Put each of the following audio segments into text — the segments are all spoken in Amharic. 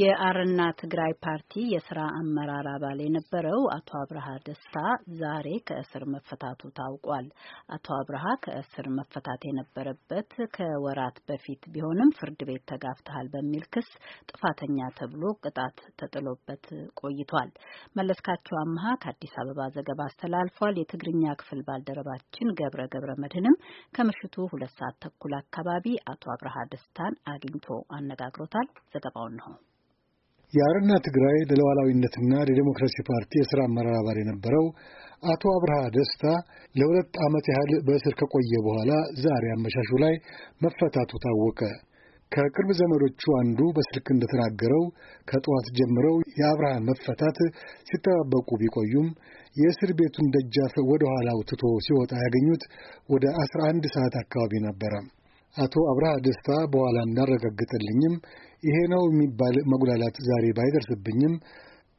የአረና ትግራይ ፓርቲ የስራ አመራር አባል የነበረው አቶ አብርሃ ደስታ ዛሬ ከእስር መፈታቱ ታውቋል። አቶ አብርሃ ከእስር መፈታት የነበረበት ከወራት በፊት ቢሆንም ፍርድ ቤት ተጋፍተሃል በሚል ክስ ጥፋተኛ ተብሎ ቅጣት ተጥሎበት ቆይቷል። መለስካቸው አምሃ ከአዲስ አበባ ዘገባ አስተላልፏል። የትግርኛ ክፍል ባልደረባችን ገብረ ገብረ መድህንም ከምሽቱ ሁለት ሰዓት ተኩል አካባቢ አቶ አብርሃ ደስታን አግኝቶ አነጋግሮታል። ዘገባውን ነው የአረና ትግራይ ለሉዓላዊነትና ለዲሞክራሲ ፓርቲ የሥራ አመራር አባል የነበረው አቶ አብርሃ ደስታ ለሁለት ዓመት ያህል በእስር ከቆየ በኋላ ዛሬ አመሻሹ ላይ መፈታቱ ታወቀ። ከቅርብ ዘመዶቹ አንዱ በስልክ እንደተናገረው ከጠዋት ጀምረው የአብርሃን መፈታት ሲጠባበቁ ቢቆዩም የእስር ቤቱን ደጃፍ ወደ ኋላው ትቶ ሲወጣ ያገኙት ወደ አንድ ሰዓት አካባቢ ነበረም። አቶ አብርሃ ደስታ በኋላ እንዳረጋግጠልኝም ይሄ ነው የሚባል መጉላላት ዛሬ ባይደርስብኝም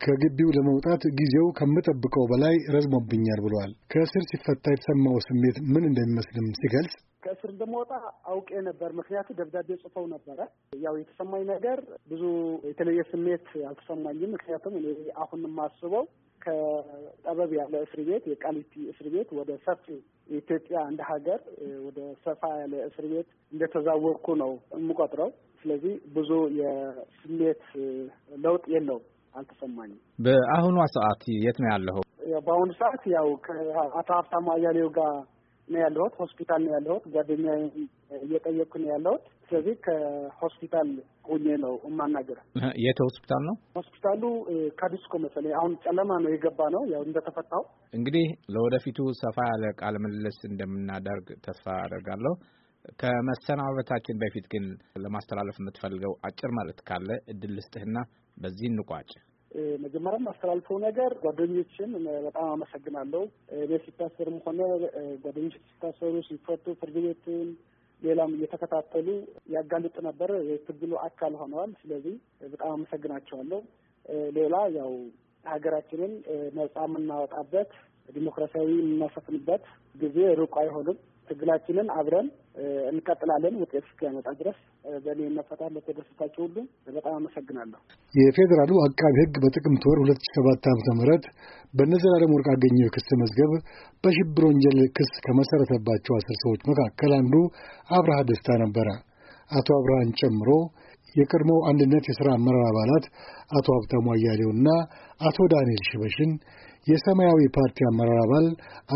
ከግቢው ለመውጣት ጊዜው ከምጠብቀው በላይ ረዝሞብኛል ብለዋል። ከእስር ሲፈታ የተሰማው ስሜት ምን እንደሚመስልም ሲገልጽ ከእስር እንደመወጣ አውቄ ነበር። ምክንያቱ ደብዳቤ ጽፈው ነበረ። ያው የተሰማኝ ነገር ብዙ የተለየ ስሜት አልተሰማኝም። ምክንያቱም እኔ አሁን የማስበው ከጠበብ ያለ እስር ቤት የቃሊቲ እስር ቤት ወደ ሰፊ የኢትዮጵያ እንደ ሀገር ወደ ሰፋ ያለ እስር ቤት እንደተዛወርኩ ነው የምቆጥረው። ስለዚህ ብዙ የስሜት ለውጥ የለው አልተሰማኝም። በአሁኗ ሰዓት የት ነው ያለኸው? በአሁኑ ሰዓት ያው ከአቶ ሀብታሙ አያሌው ጋር ነው ያለሁት። ሆስፒታል ነው ያለሁት። ጓደኛ እየጠየቅኩ ነው ያለሁት። ስለዚህ ከሆስፒታል ሆኜ ነው የማናገር። የት ሆስፒታል ነው? ሆስፒታሉ ካዲስኮ መሰለኝ። አሁን ጨለማ ነው የገባ ነው ያው እንደተፈታው። እንግዲህ ለወደፊቱ ሰፋ ያለ ቃለ ምልልስ እንደምናደርግ ተስፋ አደርጋለሁ። ከመሰናበታችን በፊት ግን ለማስተላለፍ የምትፈልገው አጭር ማለት ካለ እድል ልስጥህና በዚህ እንቋጭ። መጀመሪያም አስተላልፈው ነገር ጓደኞችን በጣም አመሰግናለሁ። ቤት ሲታሰርም ሆነ ጓደኞች ሲታሰሩ ሲፈቱ፣ ፍርድ ቤትን ሌላም እየተከታተሉ ያጋልጥ ነበር። የትግሉ አካል ሆነዋል። ስለዚህ በጣም አመሰግናቸዋለሁ። ሌላ ያው ሀገራችንን ነጻ የምናወጣበት ዲሞክራሲያዊ የምናሰፍንበት ጊዜ ሩቅ አይሆንም። ትግላችንን አብረን እንቀጥላለን ውጤት እስኪያመጣ ድረስ። በእኔ መፈታት ለተደሰታቸው ሁሉ በጣም አመሰግናለሁ። የፌዴራሉ አቃቢ ህግ በጥቅምት ወር ሁለት ሺ ሰባት ዓመተ ምህረት በነዘላለም ወርቅ አገኘሁ የክስ መዝገብ በሽብር ወንጀል ክስ ከመሰረተባቸው አስር ሰዎች መካከል አንዱ አብርሃ ደስታ ነበረ። አቶ አብርሃን ጨምሮ የቀድሞ አንድነት የሥራ አመራር አባላት አቶ ሀብታሙ አያሌውና አቶ ዳንኤል ሽበሽን፣ የሰማያዊ ፓርቲ አመራር አባል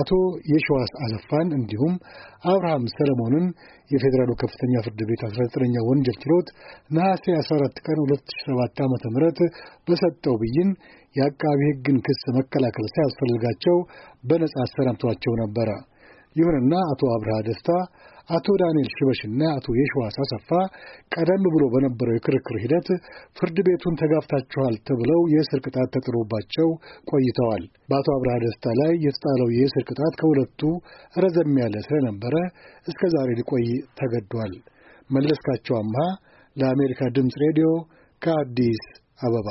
አቶ የሸዋስ አሰፋን እንዲሁም አብርሃም ሰለሞንን የፌዴራሉ ከፍተኛ ፍርድ ቤት 19ኛ ወንጀል ችሎት ነሐሴ 14 ቀን 2007 ዓ ም በሰጠው ብይን የአቃቢ ሕግን ክስ መከላከል ሳያስፈልጋቸው በነጻ አሰናብቷቸው ነበረ። ይሁንና አቶ አብርሃ ደስታ አቶ ዳንኤል ሽበሽና አቶ የሸዋስ አሰፋ ቀደም ብሎ በነበረው የክርክር ሂደት ፍርድ ቤቱን ተጋፍታችኋል ተብለው የእስር ቅጣት ተጥሮባቸው ቆይተዋል። በአቶ አብርሃ ደስታ ላይ የተጣለው የእስር ቅጣት ከሁለቱ ረዘም ያለ ስለነበረ እስከ ዛሬ ሊቆይ ተገዷል። መለስካቸው አምሃ ለአሜሪካ ድምፅ ሬዲዮ ከአዲስ አበባ